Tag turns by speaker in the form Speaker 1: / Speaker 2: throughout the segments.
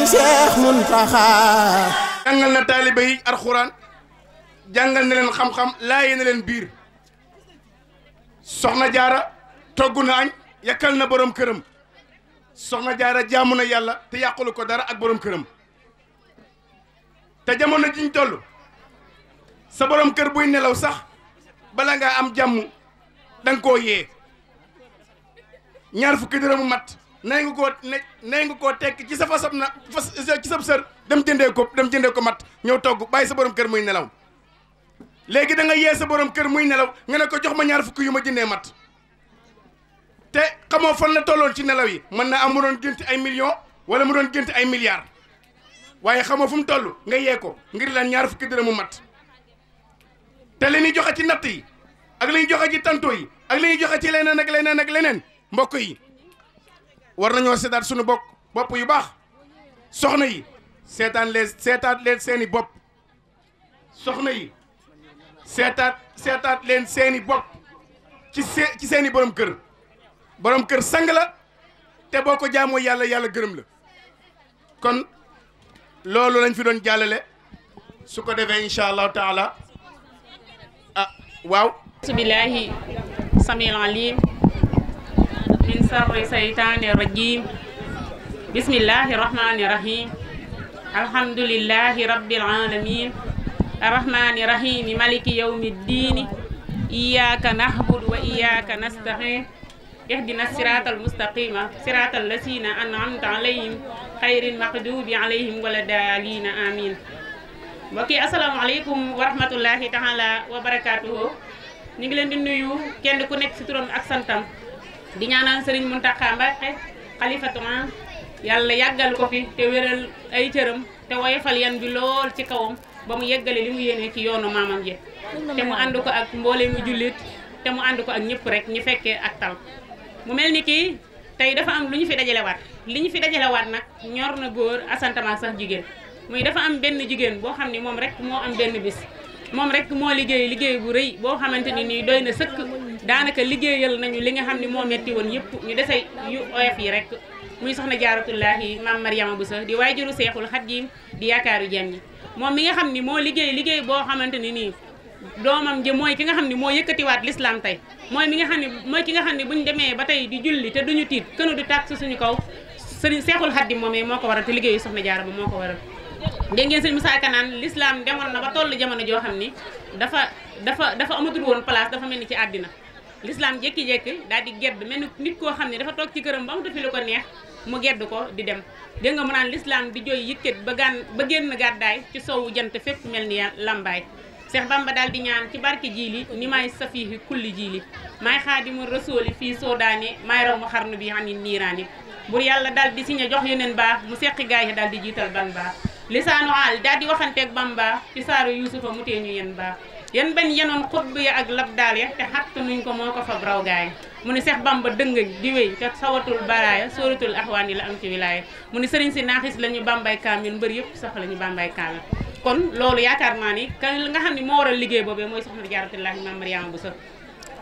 Speaker 1: ni Cheikh Mountakha jàngal na alxuraan jàngal na leen xam-xam na leen biir soxna jaara togg na añ yakkal na borom këram soxna jaara jaamu na yàlla te yàqulu ko dara ak borom këram te jamono jiñ toll sa borom kër buy nelaw sax bala ngaa am jàmmu danga ko yee ñaar fukki dërëmu mat nay nga koo koo tekk ci sa fasab na fas ci sab sër dem jëndee ko dem jëndee ko mat ñëw togg bàyyi sa borom kër muy nelaw léegi da nga yee sa borom kër muy nelaw nga ne ko jox ma ñaar fukki yu ma jëndee mat te xamoo fan la tolloon ci nelaw yi mën na am mu doon gént ay millions wala mu doon gént ay milliards waaye xamoo fu mu toll nga yee ko ngir lan ñaar fukki dërëm mu mat te li ñuy joxe ci natt yi ak li ñuy joxe ci tanto yi ak li ñuy joxe ci leneen ak leneen ak leneen mbokk yi war nañoo seetaat suñu bopp bopp yu baax soxna yi seetaan seetaat leen seeni bopp soxna yi seetaat seetaat leen seeni bopp ci see ci seeni borom kër borom kër sang la te boo ko jaamoo yàlla yàlla gërëm la kon loolu lañ fi doon jàllale su ko defee incha allahu taala ah waaw.
Speaker 2: bismillahi samil alim من شر الشيطان الرجيم بسم الله الرحمن الرحيم الحمد لله رب العالمين الرحمن الرحيم ملك يوم الدين إياك نعبد وإياك نستعين اهدنا الصراط المستقيم صراط الذين أنعمت عليهم خير المقدوب عليهم ولا الضالين آمين بكي السلام عليكم ورحمة الله تعالى وبركاته نيغي لن نيو كين كو نيك سي تورم اك سانتام di ñaanal sëriñ Mountakha Mbacké xalifatuma ah. yàlla yàggal ko fi te wéral ay cëram te woyofal yan bi lool ci kawam ba mu yeggale li mu yéene ci yoonu maamam ji te mu ànd ko ak mboole mu jullit te mu ànd ko ak ñëpp rek ñu fekkee ak tal mu mel ni kii tey dafa am lu ñu fi dajalewaat li ñu fi dajalewaat nag ñor na góor asantama sax jigéen muy dafa am benn jigéen boo xam ne moom rek moo am benn bis moom rek moo liggéey liggéey bu rëy boo xamante daanaka liggéeyal nañu li nga xam ne moo metti woon yëpp ñu dese yu oyof yi rek muy soxna jaaratullaahi maam bu Bousso di waaye waajuru seexul xadiim di yaakaaru jàmm ñi moom mi nga xam ni moo liggéey liggéey boo xamante ni nii doomam ji mooy ki nga xam ne moo yëkkatiwaat lislaam tey mooy nga xam ne mooy ki nga xam ne demee ba tey di julli te duñu tiit kënu du tàkk suñu kaw sëriñ xat xadiim moomee moo ko waral te liggéeyu soxna jaara ba moo ko waral dégg ngeen sëñ Moussa lislaam demoon na ba toll jamono joo xam ni dafa dafa dafa amatul woon place dafa mel ni ci àddina l'islam jekki jekki dal di gedd melni nit ko xamni dafa tok ci kërëm bam amatu lako neex mu gedd ko di dem de nga mo nan l'islam di joy yëkkat ba gaan ba génn gàddaay ci sowu jant fepp melni lambay Cheikh Bamba dal di ñaan ci barki jili ni may kulli jili may xaadimu rasul fi soodaane may raw xarnu bi ani nirani bur yalla dal di signé jox yenen ba mu sekk gaay di jital ban baax lisaanu aal daal di ak Bamba ci saaru yusufa mu tee ñu yan bañ yenoon xut bi ya ak labdaal ya te xattu nuñ ko moo ko fab raw gaay mu ni Seex Bamba dëngañ di wéy te sawatul baraaya sóoratul axwaan yi la am ci wilaaya mu ni sëriñ si naaxis la ñu kaam ñun mbër yëpp soxla ñu bàmbay kaam loolu yaakaar naa ni ka nga xam ne moo war liggéey boobee mooy soxna jaaratullaahi maam Mariama bu so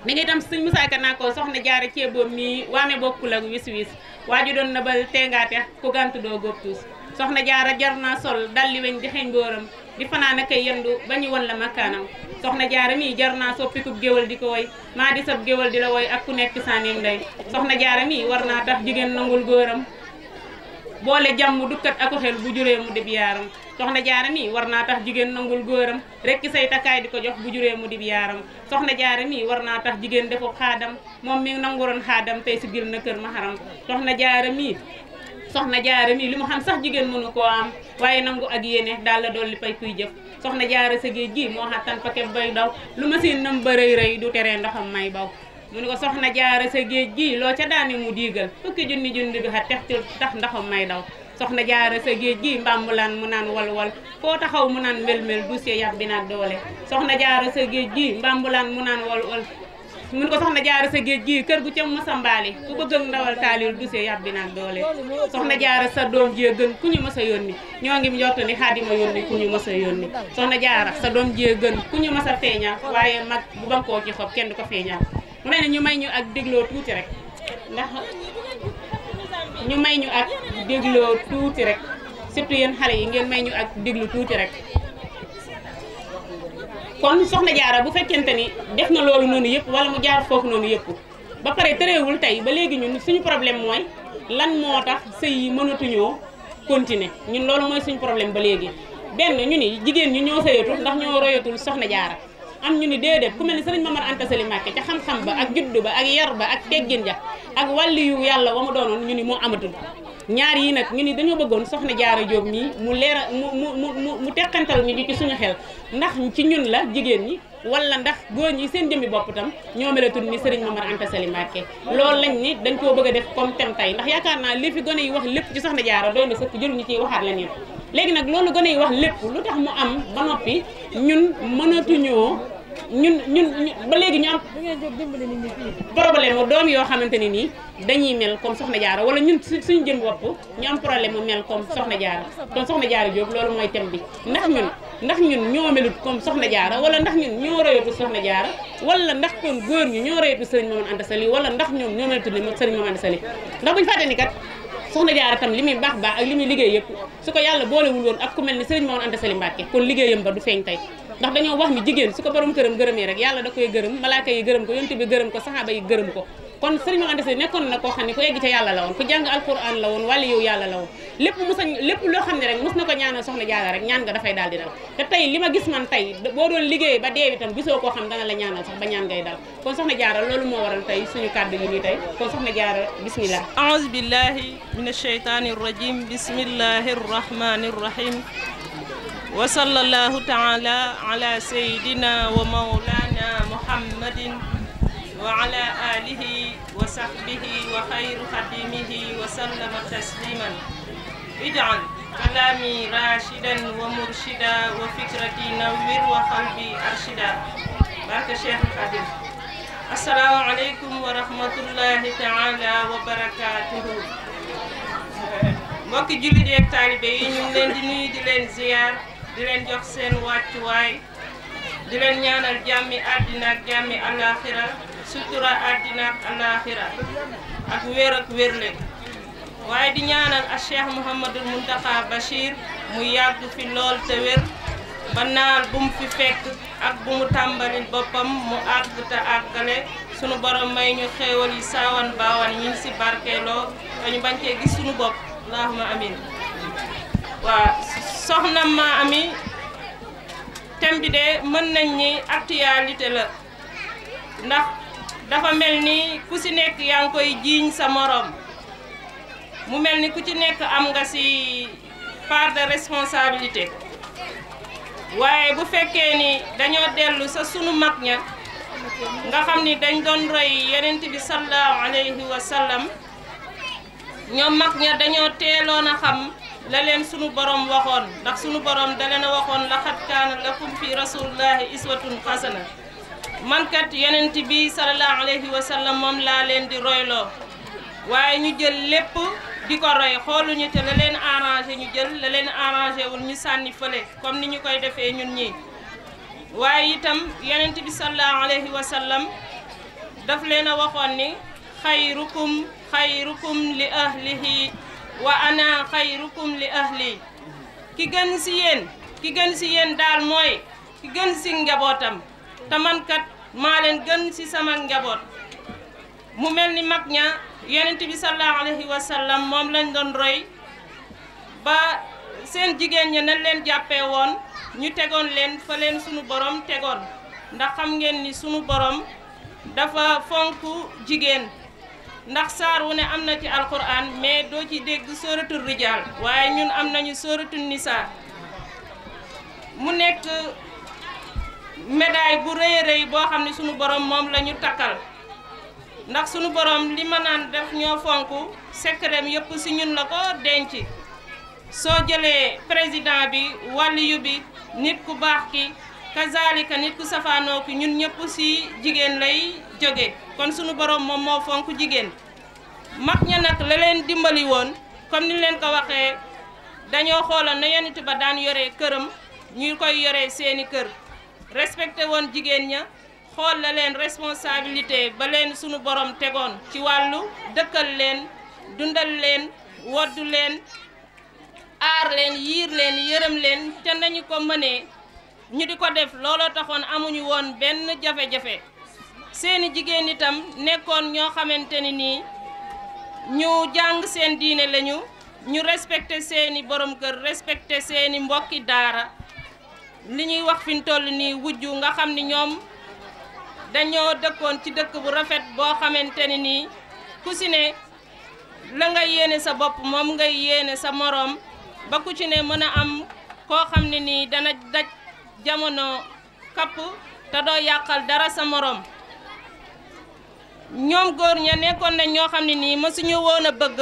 Speaker 2: ni nga itam suñ musaaka naa ko soxna jaara ceeboo mii waame bokkul ak wis wis waaju doon na ba teengaate ku gàntu doo góob tuus soxna jaara jar naa sol dalli weñ di xeeñ booram di fanaan ak yendu ba ñu won la makkaanam soxna jaara mii jar naa soppikub géwél di ko woy maa di sab géwél di la woy ak ku nekk saanim ndey soxna jaara mii war naa tax jigéen nangul góoram boole jàmm dukkat ako xel bu juree mu dib yaaram soxna jaara mii war naa tax jigéen nangul góoram rek say takkaay di ko jox bu juree mu dib yaaram soxna jaara mii war naa tax jigéen defu xaadam moom mi nanguroon xaadam tey si gil na kër maharam soxna jaara mii soxna jaara mii li mu xam sax jigéen mënu ko am waaye nangu ak yéene daal la dolli pay kuy jëf soxna jaara sa géej gi moo xattan paket bay daw lu ma seen nam ba rëy rëy du tere ndoxam may baw mu ne ko soxna jaara sa géej gi loo ca daane mu diigal fukki junni junni bi xat tex tax ndoxam may daw soxna jaara sa géej gi mbambulaan mu naan walwal foo taxaw mu naan mel-mel duus ya bi naan doole soxna jaara sa géej gi mbambulaan mu naan walwal mun ko soxna jaara sa géej gii kër gu ca masambaali ku bëgg ak ndawal taalil duse yàbbi nag doole soxna jaara sa doom jee gën ku ñu mës a yónni ñoo ngi njott ni xaadima yónni ku ñu mës a yónni soxna jaara sa doom jee gën ku ñu mës a feeñal waaye mag bu bankoo ci xob kenn du ko feeñal mu ne ñu may ñu ak dégloo tuuti rek
Speaker 3: ndax ñu may ñu ak
Speaker 2: dégloo tuuti rek surtout yéen xale yi ngeen may ñu ak déglu tuuti rek kon soxna jaara bu fekkente ni def na loolu noonu yëpp wala mu jaar foofu noonu yëpp ba pare tëreewul tey ba léegi ñun suñu problème mooy lan moo tax sëy yi mënatuñoo continuer ñun loolu mooy suñu problème ba léegi benn ñu ni jigéen ñu ñoo sëyatul ndax ñoo royatul soxna jaara am ñu ni déedéet ku mel ni sëriñ Mamar Anta Sali Mbàkke ca xam-xam ba ak juddu ba ak yar ba ak teggin ja ak wàlli yu yàlla wa mu doonoon ñu ni moo amatul ñaar yi nag ñu ni dañoo bëggoon soxna Diarra Diop mii mu leera mu mu mu mu teqantal ñu ci suñu xel ndax ci ñun la jigéen ñi wala ndax góor ñi seen jëmmi bopp tam ñoo melatul ni Serigne Momar Anta Sali Mbacké loolu lañ ni dañ koo bëgg a def comme thème tey ndax yaakaar naa li fi gone yi wax lépp ci soxna Diarra doy na sëkk jël ñu ciy waxaat leneen léegi nag loolu gone yi wax lépp lu tax mu am ba noppi ñun mënatuñoo ñun ñun ba léegi ñu am problème mu doom yoo xamante ne nii dañuy mel comme Soxna Jaara wala ñun suñu jën bopp ñu am problème mu mel comme Soxna Jaara kon Soxna Jaara Jóob loolu mooy thème bi ndax ñun ndax ñun ñoo melut comme Soxna Jaara wala ndax ñun ñoo royatu Soxna Jaara wala ndax kon góor ñi ñoo royatu Sëriñ Maam Anta Sali wala ndax ñoom ñoo melut ni Sëriñ Maam Anta Sali ndax buñu fàtte ni kat soxna jaara tam li muy baax baax ak li muy liggéey yëpp su ko yàlla boolewul woon ak ku mel ni Sëriñ Maam Anta tey ndax dañoo wax ni jigéen su ko gërëm këram gërëmee rek yàlla da koy gërëm malaaka yi gërëm ko yonent bi gërëm ko saxaaba yi gërëm ko kon sëriñ Mame Anta nekkoon na koo xam ne ku egg ca yàlla la woon ku jàng alquran la woon wala yow yàlla la woon lépp loo xam ne rek mus na ko ñaanal soxna jaara rek ñaan nga dafay daal di dal te tey li ma gis man tey boo doon liggéey ba deewi tam gisoo koo xam dana la ñaanal sax ba ñaan ngay dal kon soxna jaara loolu moo waral tey suñu kàddu yi nii tey kon soxna jaara bismillah
Speaker 3: aouzu وصلى الله تعالى على سيدنا ومولانا محمد وعلى آله وصحبه وخير خدمه وسلم تسليما اجعل كلامي راشدا ومرشدا وفكرتي نور وقلبي أرشدا بارك الشيخ الخادم السلام عليكم ورحمة الله تعالى وبركاته mbokki jullit yeeg taalibe yi ñu ngi leen di di leen jox seen wàccuwaay di leen ñaanal jàmmi àddina ak jàmmi alaaxira sutura àddina ak alaaxira ak wér ak wérle waaye di ñaanal ak Cheikh Mouhamadul Mountakha mu yàgg fi lool te wér ba naal bu fi fekk ak bu mu boppam mu àgg te àggale sunu borom may ñu xéewal yi saawan baawan ñu ngi barkeeloo te bañ cee gis sunu bopp allahuma amin waa soxna ma ami tem bi de meun nañ ni actualité la ndax dafa melni ni ku ci nek yang koy jiñ sa morom mu melni ni ku ci nek am nga ci part de responsabilité waye bu fekke ni daño delu sa sunu mak nya nga xamni dañ don roy yenen bi sallallahu alayhi wa sallam ñom mak nya daño teeloon na xam la leen sunu borom waxoon ndax sunu borom da leen a waxoon laqad kaana lakum fi rasulillahi iswatun xasana man kat yonent bi sallallahu alayhi wa sallam moom laa leen di royloo waaye ñu jël lépp di ko roy xooluñu te la leen arrangé ñu jël la leen arrangé wul ñu sànni fële comme ni ñu koy defee ñun ñii waaye itam yonent bi sallallahu alayhi wa sallam daf leen a waxoon ni xayrukum xayrukum li ahlihi wa ana rukum li ahli ki gën ci yeen ki gën ci yeen dal moy ki gën ci njabotam ta man kat ma len gën ci sama njabot mu melni ni mag sallallahu alayhi wa sallam lañ doon roy ba sen jigen ña nañ len len won ñu tégon len fa len sunu borom tégon ndax xam ngeen ni sunu borom dafa fonku jigen ndax saar wu ne am na ci alquran mais doo ci dégg sóoratul rijaal waaye ñun am nañu sóoratul nisaa mu nekk médaille bu rëy rëy boo xam ne sunu borom moom lañu ñu ndax sunu borom li ma naan def ñoo fonk secret yëpp si ñun la ko denc soo jëlee président bi waliyu bi nit ku baax ki kazalika nit ku safaanoo ki ñun ñëpp ci jigéen lay jóge kon sunu borom moom moo fonk jigéen mag ña nag la dimbali woon kon ni leen ko waxee dañoo xooloon na yonent ba daan yore këram ñu koy yore seeni kër respecté woon jigéen ña xool la leen responsabilité ba leen sunu borom tegoon ci wàllu dëkkal leen dundal leen wodd leen aar leen yiir leen yërëm leen te nañu ko mënee ñu di ko def looloo taxoon amuñu woon benn jafe-jafe seeni jigéen itam nekkoon ñoo xamante ni nii ñu jàng seen diine lañu ñu respecté seeni borom kër respecté seeni mbokki daara li ñuy wax fi ñu toll nii wujju nga xam ni ñoom dañoo ci bu rafet ni ku ne la nga yéene sa yéene sa ba ku ci ne mën am ko xam ni dana daj jamono kapp te doo yàqal dara sa morom ñoom góor ña nekkoon nañ ñoo xam ne nii mësuñu woon a bëgg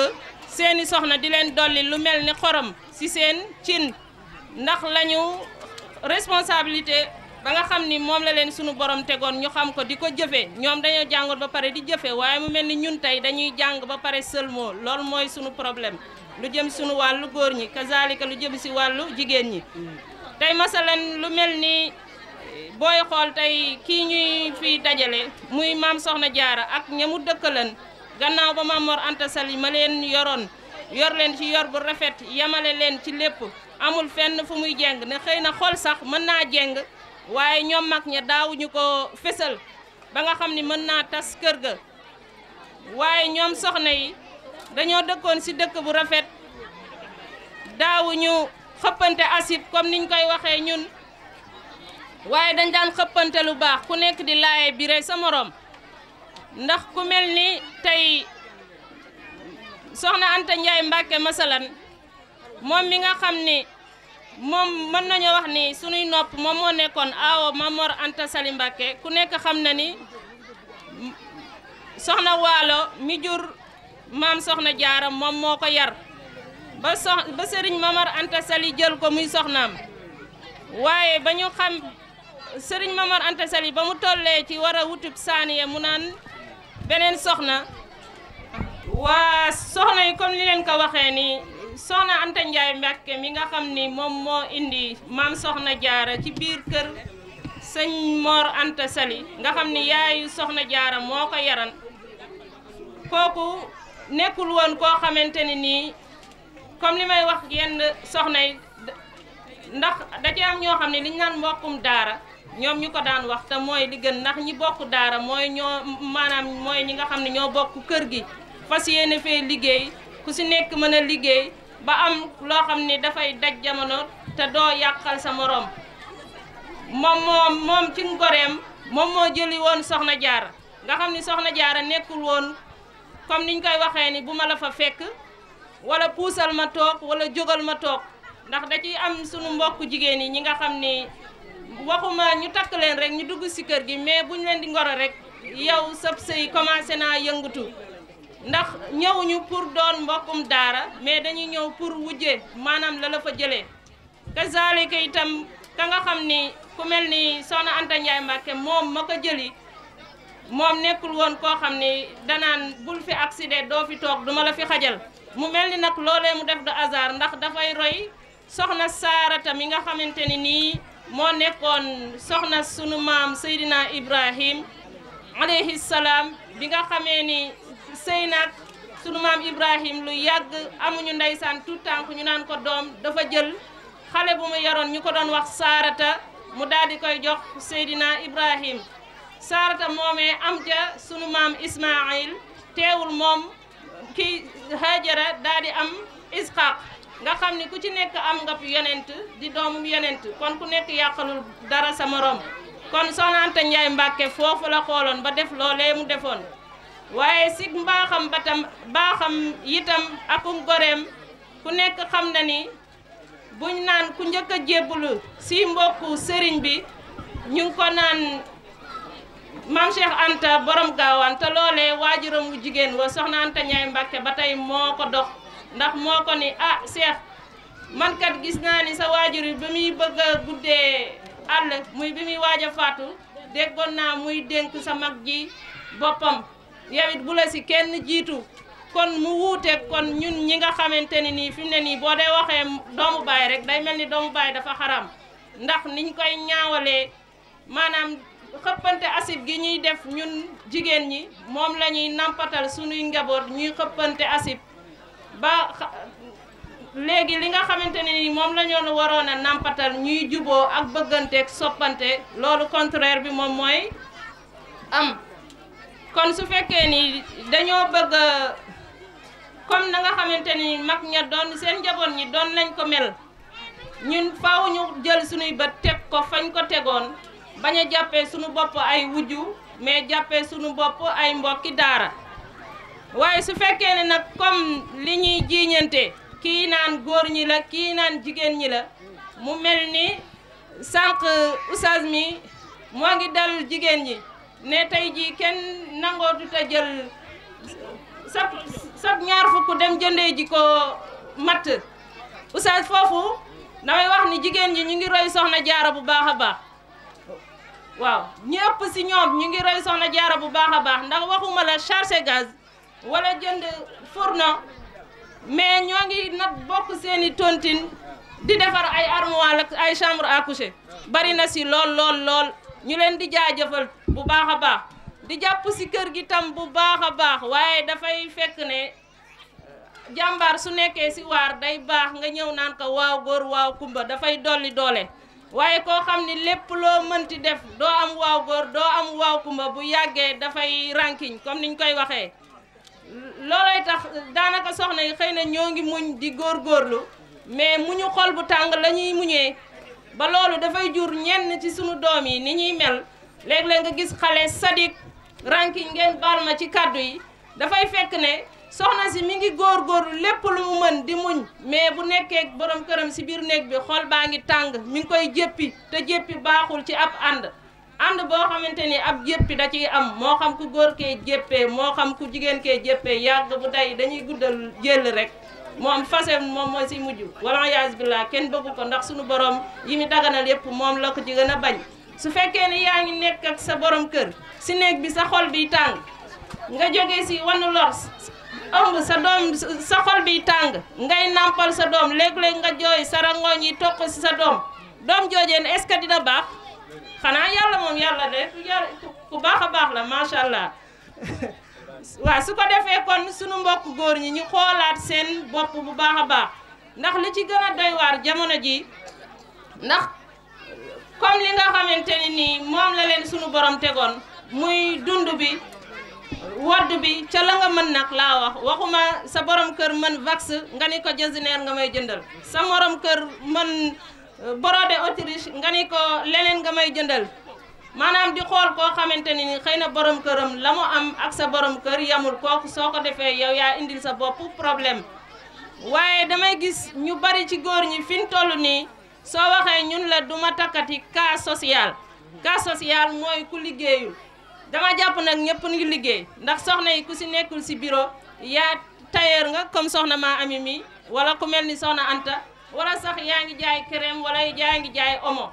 Speaker 3: seeni soxna di leen dolli lu mel ni xorom ci seen cin ndax lañu responsabilité ba nga xam ni moom la leen sunu borom tegoon ñu xam ko di ko jëfe ñoom dañoo jàngoon ba pare di jëfee waaye mu mel ni ñun tey dañuy jàng ba pare seulement lool mooy sunu problème lu jëm sunu wàllu góor ñi kazalika lu jëm si wàllu jigéen ñi tey masalan lu mel ni booy xool tey kii ñuy fii dajale muy maam soxna jaara ak ñamu dëkkalan gannaaw ba maam Mor Anta Sali ma leen yoroon yor leen ci yor bu rafet yamale leen ci lépp amul fenn fu muy jeng ne xëy na xool sax mën naa jeng waaye ñoom mag ña daawuñu ko fésal ba nga xam ni mën naa tas kër ga waaye ñoom soxna yi dañoo dëkkoon ci dëkk bu rafet daawuñu xëppante acide comme niñ koy waxee ñun waaye dañ daan xëppante lu baax ku nekk di laaye biire sa morom ndax ku mel ni tey soxna Anta Ndiaye Mbacke masalan moom mi nga xam ni moom mën nañoo wax ni sunuy nopp moom moo nekkoon aawo Mamor Anta Sali Mbacke ku nekk xam na ni soxna waalo mi jur maam soxna jaara moom moo ko yar ba sox Mamar Anta Sali jël ko muy soxnam waaye bañu xam serigne Mamar Anta Sali ba mu tollé ci wara a wutub saaniya mu nan benen soxna wa soxna yi comme li len ko waxé ni soxna Anta Ndiaye mbacké mi nga xam ni mom mo indi mam soxna jaara ci bir kër señ Mor Anta Sali nga xam ni yaay soxna jaara moko yaran koku nekul won ko xamanteni ni comme li may wax yenn soxna yi ndax da ci am ñoo xam ne li ñu naan mbokkum daara ñoom ñu ko daan wax te mooy li gën ndax ñi bokk daara mooy ñoo maanaam mooy ñi nga xam ne ñoo bokk kër gi fas yéene fee liggéey ku si nekk mën a liggéey ba am loo xam ne dafay daj jamono te doo yàqal sa moroom moom moom moom ci ngoreem moom moo jëli woon soxna jaara nga xam ni soxna jaara nekkul woon comme niñ koy waxee ni bu ma la fa fekk wala puusal ma toog wala jógal ma toog ndax da ciy am sunu mbokk jigéen yi ñi nga xam ni waxuma ñu takk leen rek ñu dugg si kër gi mais bu buñ leen di ngoro rek yow sab sëy commencé naa yëngatu ndax ñëwuñu pour doon mbokkum daara mais dañuy ñëw pour wujje maanaam la la fa jëlee kazaalika itam ka nga xam ni ku mel ni Soxna Anta Ndiaye moom ma ko jëli moom nekkul woon koo xam ni danaan bul fi accident doo fi toog duma la fi xajal mu mel ni nag loolee mu def du hasard ndax dafay roy soxna saarata mi nga xamante ni nii moo nekkoon soxna sunu maam Seydina Ibrahim alayhi salaam bi nga xamee ni sëy nag sunu maam Ibrahim lu yàgg amuñu ndeysaan tout tànk ñu naan ko doom dafa jël xale bu mu yaroon ñu ko doon wax saarata mu daal di koy jox Seydina Ibrahim saarata moomee am ja sunu maam Ismaayil teewul moom ki hajara dadi am isqaq nga xamni ni ku ci nek am nga yonent di dom yonent kon ku nek yakalul dara sa morom kon sonante nyaay mbake fofu la xolon ba def lolé mu defon waye sik mbaxam ba tam yitam akum gorem ku nek xamna na ni buñ nan ku njëkk a si mbokku sëriñ bi ñu ko nan maam Cheikh Anta borom gaawaan te loolee waajuram wu jigéen wa soxna Anta Ñaay Mbàkke ba tey moo ko dox ndax moo ko ni ah Cheikh man kat gis naa ni sa waajur yi ba muy bëgg a guddee àll muy bi muy waaja faatu déggoon naa muy dénk sa mag ji boppam yow it bu la si kenn jiitu kon mu wuuteeg kon ñun ñi nga xamante ni nii fi mu ne nii boo dee waxee doomu baay rek day mel ni doomu baay dafa xaram ndax niñ koy ñaawalee maanaam xëppante asib gi ñuy def ñun jigéen ñi moom la ñuy nampatal suñuy njaboot ñuy xëppante asib ba léegi li nga xamante ne ni moom lañu ñoon waroon a nampatal ñuy juboo ak bëgganteeg soppante loolu contraire bi moom mooy am kon su fekkee ni dañoo bëgg comme na nga xamante ni mag ña doon seen njaboot ñi doon nañ ko mel ñun faaw ñu jël suñuy bët teg ko fañ ko tegoon bañ a jàppee sunu bopp ay wujju mais jàppee sunu bopp ay mbokki daara waaye su fekkee ne nag comme li ñuy jiiñante kii naan góor ñi la kii naan jigéen ñi la mu mel ni sanq oustaz mi moo ngi dal jigéen ñi ne tey jii kenn nangootu ta jël sab sab ñaar fukk dem jëndee ji ko matt oustaz foofu damay wax ni jigéen ñi ñu ngi roy soxna jaara bu baax a baax waaw ñëpp si ñoom ñu ngi roy soxna jaara bu baax a baax ndax waxuma la chargé gaz wala jënd fourneau mais ñoo ngi nag bokk seeni tontine di defar ay armoire ak ay chambre à coucher bari na si lool lool lool ñu leen di jaajëfal bu baax a baax di jàpp si kër gi tam bu baax a baax waaye dafay fekk ne jàmbaar su nekkee si waar day baax nga ñëw naan ko waaw góor waaw kumba dafay dolli doole waaye koo xam ni lépp loo mënti def doo am waaw góor doo am waaw kumba bu yàggee dafay rankiñ comme niñ koy waxee loolooy tax daanaka soxna yi xëy na ñoo ngi muñ di góor góorlu mais mu ñu xol bu tàng la ñuy muñee ba loolu dafay jur ñenn ci sunu doom yi ni ñuy mel léeg-léeg nga gis xale sadik rankiñ ngeen baal ma ci kàddu yi dafay fekk ne soxna si mi ngi gor lepp lu mu meun di muñ mais bu nekkee borom kërëm si biir néeg bi xol baangi tang mi ngi koy jëppi te jëppi baaxul ci ab and, and bo xamanteni ab jëppi da ci am mo xam ku gor ke jëppé mo xam ku jigen ke jëppé yag bu day dañuy guddal jël rek mom fase mom moy si muju wala yaaz billah ken bëgg ko ndax suñu borom yi mi daganal yépp mom la ko ci gëna bañ su fekké ni yaangi nekk ak sa borom kër si néeg bi sa xol bi tang nga joggé ci wanu lors ëmb sa doom sa xol bi tàng ngay nàmpal sa doom léeg-léeg nga jooy sa rangoñ yi toq si sa doom doom joojeen est-ce que dina baax xanaa yàlla moom yàlla de ku baax a baax la macha allah waaw su ko defee kon sunu mbokk góor ñi ñu xoolaat seen bopp bu baax a baax ndax li ci gën a doy waar jamono ji ndax comme li nga xamante ni nii la leen sunu borom tegoon muy dund bi wadd bi ca la nga mën nag laa wax waxuma sa borom kër mën vax nga ni ko jasineer nga may jëndal sa morom kër mën euh, borode autriche nga ni ko leneen nga may jëndal maanaam di xool koo xamante ni xëy na borom këram la am ak sa borom kër yamul kooku soo ko defee yow yaa indil sa bopp problème waaye damay gis ñu bari ci góor ñi fiñ ñu toll nii soo waxee ñun la duma takati cas social cas social mooy ku liggéeyul dama jàpp nag ñëpp ngi liggéey ndax soxna yi ku si nekkul si bureau yaa tailleur nga comme soxna maa ami mi wala ku mel ni soxna Anta wala sax yaa ngi jaay crème wala yaa ngi jaay omo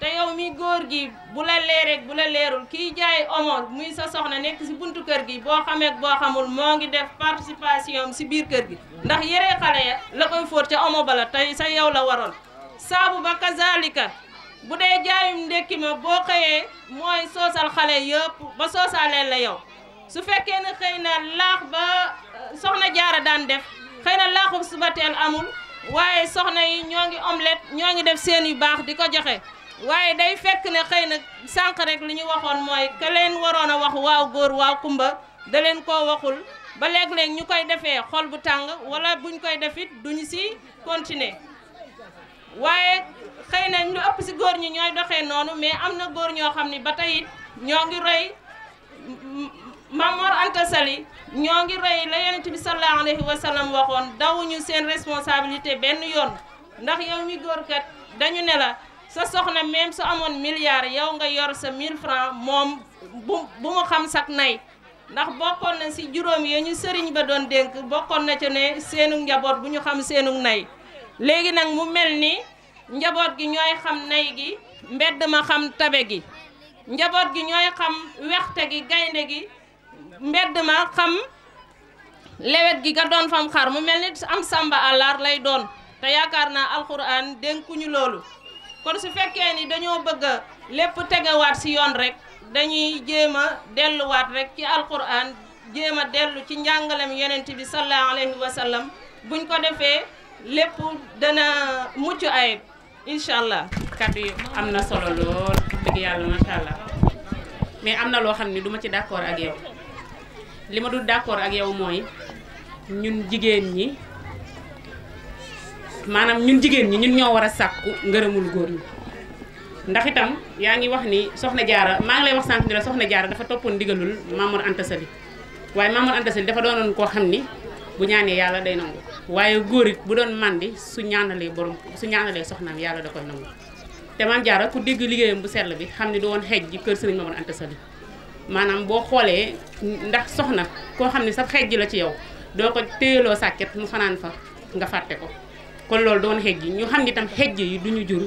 Speaker 3: te yow mi góor gi bu la leereeg bu la leerul kii jaay omo muy sa soxna nekk si buntu kër gi boo xameek boo xamul moo ngi def participation si biir kër gi ndax yére xale ya la koy fóot ca omo bala tey sa yow la waroon saabu ba kazalika bu dee jaayum ndékki ma boo xëyee mooy soosal xale yëpp ba soosaleen la yow su fekkee ne xëy na laax ba euh, soxna jaara daan def xëy na laaxub suba teel amul waaye soxna yi ñoo ngi omelette ñoo ngi def seen yu baax di ko joxe waaye day fekk ne xëy na sànq rek li ñu waxoon mooy ka leen waroon a wax waaw góor waaw kumba da leen koo waxul ba léeg-léeg ñu koy defee xol bu tàng wala buñ koy def defit duñu si continuer waaye xëy nañ lu ëpp si góor ñi ñooy doxee noonu mais am na góor ñoo xam ni ba tey ñoo ngi roy Mamor Anta ñoo ngi roy la yonent bi sallallahu alayhi wa sallam waxoon dawuñu seen responsabilité benn yoon ndax yow mi góor kat dañu ne la sa soxna même su amoon milliard yow nga yor sa 1000 francs moom bu mu xam sak nay ndax bokkoon na si juróom ya ñu sëriñ ba doon dénk bokkoon na ci ne seenu njaboot bu ñu xam seenu nay léegi nak mu melni ni gi ñoy xam nay gi mbedd ma xam tabe gi njabot gi ñoy xam wexte gi gaynde gi mbedd ma xam lewet gi ga doon fam xar mu melni am samba alar lay doon te yakarna alquran alxuraan dénkuñu lolu kon su fekke ni dañu bëgg lepp lépp waat ci yoon rek dañuy jema delu waat rek ci alquran jema delu ci njangalam yenenbi sallallahu alayhi wasallam. buñ ko defé lépp dana mucc ayib incha allah. kaddu yi am
Speaker 2: na solo lool dëgg yàlla macha allah mais am na loo xam ne duma ci d'accord ak yow li ma dul d'accord ak yow mooy ñun jigéen ñi maanaam ñun jigéen ñi ñun ñoo war a sàkku ngërëmul góor ñi. ndax itam yaa ngi wax ni soxna jaara maa ngi lay wax sànq ni la soxna jaara dafa toppoon ndigalul Mamour Anta Sali waaye Mamour Anta dafa doonoon koo xam ni. bu ñaanee yàlla day nangu waaye góor it bu doon mandi su ñaanalee borom su ñaanalee soxnaam yàlla da koy nangu te man Jaara ku dégg liggéeyam bu sell bi xam ne du woon xeej ji kër Sëriñ Mamoon Anta Sali maanaam boo xoolee ndax soxna koo xam ne sa xeej ji la ci yow doo ko téyeloo sàkket mu fanaan fa nga fàtte ko kon loolu doon xeej ji ñu xam ne itam xeej yi du ñu jur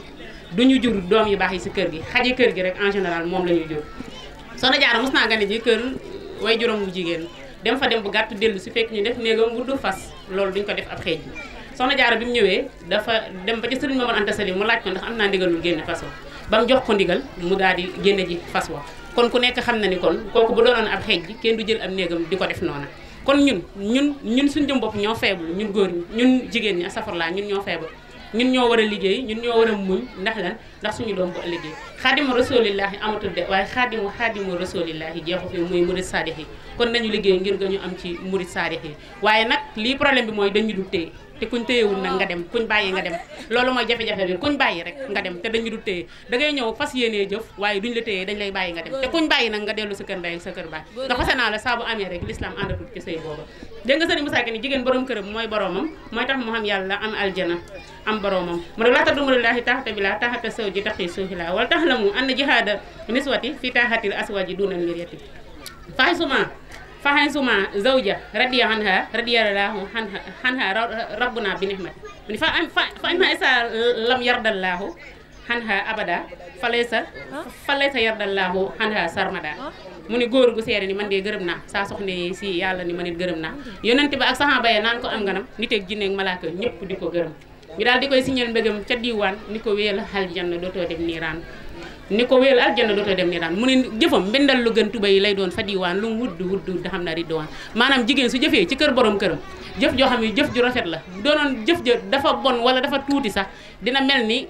Speaker 2: du ñu jur doom yu baax yi si kër gi xaje kër gi rek en général moom la ñuy jur soxna ji kër way juróom wu jigéen dem fa dem bu gàtt dellu si fekk ñu def néegam wuddu fas loolu duñ ko def ab xeej soxna jaara bi mu ñëwee dafa dem ba ci sëriñ Mamadou Anta Sali mu laaj ko ndax am naa ndigalul génne fas wa ba mu jox ko ndigal mu daal di génne ji fas wa kon ku nekk xam na ni kon kooku bu doonoon ab xeej ji kenn du jël ab néegam di ko def noona kon ñun ñun ñun suñ jëm bopp ñoo faible ñun góor ñi ñun jigéen ñi asafarlaa ñun ñoo faible ñun ñoo war a liggéey ñun ñoo war a muñ ndax lan ndax suñu doom bu ëllëgee xaadimu rasulillahi amatul de waaye xaadimu xaadimu rasulillahi jeexu fi muy murid saadix yi kon nañu liggéey ngir nga ñu am ci murid saadix yi waaye nag lii problème bi mooy dañu du téye té kuñ téyewu nak nga dem kuñ bayyi nga dem loolu mooy jafe-jafe bi kuñ bayyi rek nga dem te dañu du téye da ngay ñëw fas yéné jëf waaye duñ la téye dañ lay bayyi nga dem té kuñ bayyi nak nga dellu sa kër ndey sa kër baay ndax fase naa la saa bu amee rek l'islam àndatul ci sëy booba dégg nga sëriñ Moussa ni jigéen borom kërëm mooy boromam mooy tax mu xam yàlla am aljana am boromam mu ne laata dumurillahi taxata bi la taxata sow ji taxi suufila wala tax la mu ann jihaada niswati fi taaxatil aswaji duunal miriyati faay فهنزما زوجة رضي عنها رضي الله عنها, عنها ربنا بنعمته فإما إذا لم يرضى الله عنها أبدا فليس فليس يرضى الله عنها سرمدا mu ni góor gu seere ni man dee gërëm naa saa soxna si yàlla ni ma nit gërëm naa yonent ba ak saxaaba ya naan ko am nganam nit ak jinne ak malaaka ñëpp di ko gërëm ñu daal di koy signal mbégam ca diiwaan ni ko wéyal xal janna dootoo dem niiraan ni ko ak aljanna dootoo dem ni daan mu ne jëfam mbindal lu gën tuba yi lay doon fa diwaan lu mu wudd wudd da xam na ridwaan maanaam jigéen su jëfee ci kër borom këram jëf joo xam ne jëf ju rafet la doonoon jëf ja dafa bon wala dafa tuuti sax dina mel ni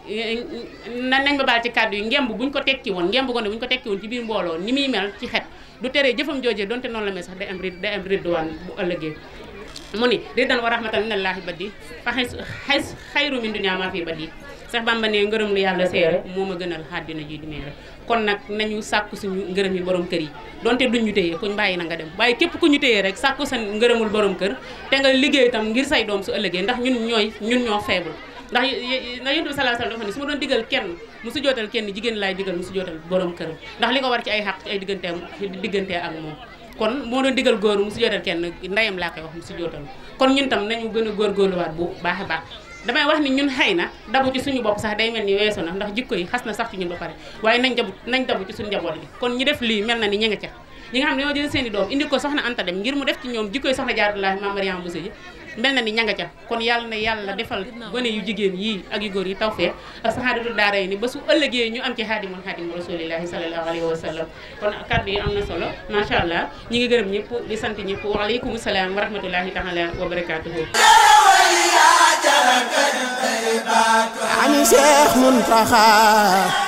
Speaker 2: na eh, nañ ma baal ci kàddu yi ngemb buñ ko tekki woon ngemb gone buñ ko tekki woon ci biir mbooloo ni muy mel ci xet du teree jëfam joojee donte noonu la mel sax day am day am ridwaan bu ëllëgee mu ni riddan wa rahmatan minallaahi baddi fa xay xayru min dunya maa fii baddi Cheikh Bamba ne ngërëm lu yàlla seere moo ma gënal àddina ji di meere kon nag nañu sàkku suñu ngërëm yi borom kër yi donte duñ ñu téye kuñ bàyyi na nga dem waaye képp ku ñu téye rek sàkku sa ngërëmul borom kër te nga liggéey itam ngir say doom su ëllëgee ndax ñun ñooy ñun ñoo faible ndax na yontu bi salaa salaam dafa ne su ma doon digal kenn mu su jootal kenn jigéen laay digal mu su jootal borom këram ndax li ko war ci ay xaq ci ay diggante diggante ak kon moo doon digal góor mu su jootal kenn ndeyam laa koy wax mu su jootal kon ñun tam nañu gën bu baax a damay wax ni ñun xëy na dabu ci suñu bopp sax day mel ni weesu na ndax jikko yi xas na sax ci ñun ba pare waaye nañ dabu nañ dabu ci suñu njaboot gi kon ñi def lii mel na ni ñi nga ca ñi nga xam ne ñoo jël seen i doom indi ko soxna Anta Dem ngir mu def ci ñoom jikko yi soxna Jaaratullaahi Maam Mariama Bousso ji mel na ni ñanga ca kon yàlla na yàlla defal gone yu jigéen yii ak yu góor yi tawfeex ak saxaadatu daara yi ni ba su ëllëgee ñu am ci xaadimul xaadim rasulillahi sallallahu alayhi wa sallam kon kàddu yi am na solo macha allah ñi ngi gërëm ñëpp di sant ñëpp waaleykum salaam wa rahmatullahi taala wa barakatuhu
Speaker 1: ani Cheikh Mountakha